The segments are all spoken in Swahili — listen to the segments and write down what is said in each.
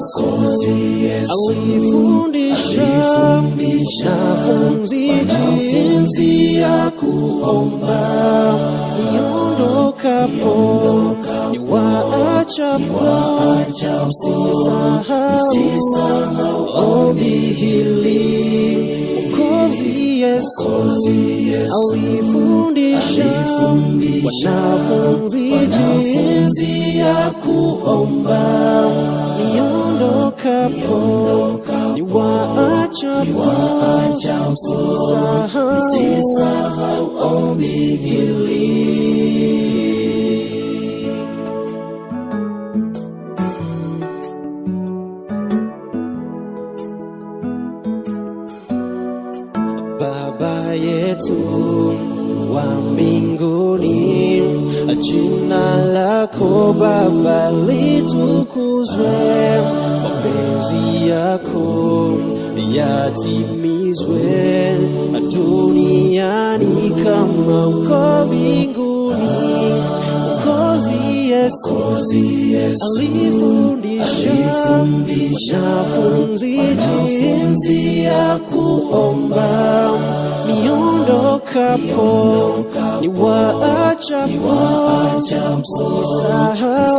Yesu alifundisha wanafunzi jinsi ya kuomba, niondokapo niwaachapo, msisahau ombi hili. Yesu alifundisha wanafunzi jinsi ya kuomba niondokapo niwaachapo, msisahau ombi hili. Baba yetu wa mbinguni Jina lako Baba litukuzwe, mapenzi yako yatimizwe duniani kama uko mbinguni. Mwokozi Yesu alifundisha wanafunzi jinsi ya kuomba miondo niondokapo ni waachapo,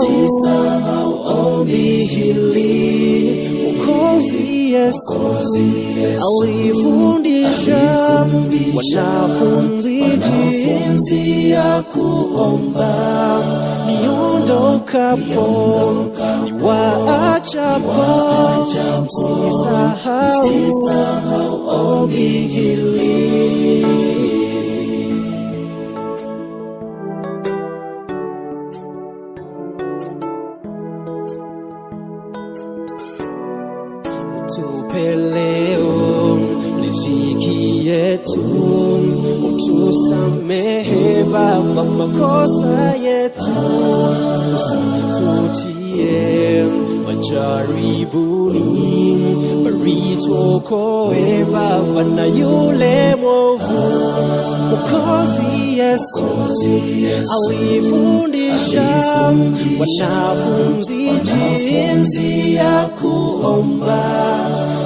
msisahau ombi hili. ukozi Yesu alifundisha wanafunzi jinsi ya kuomba. Niondokapo ni waachapo, msisahau ombi hili. tupe leo, lishikie tu, utusamehe Baba makosa yetu, usitutie majaribuni, bali tuokoe Baba na yule mwovu Kozi Yesu alifundisha wanafunzi jinsi ya kuomba,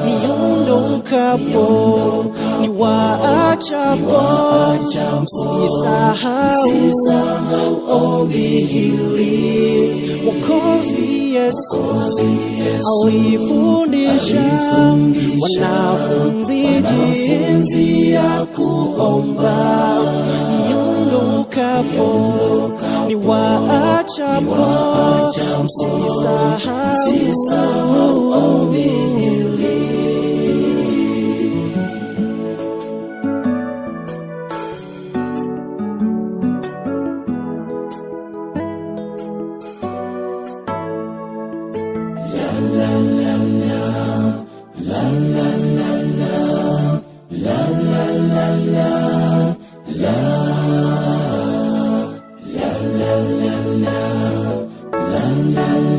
niondokapo ni waachapo, msisahau ombi hili. Mwokozi Yesu alifundisha wanafunzi jinsi ya kuomba mkapo ni waachapo, msisahau la la la la la la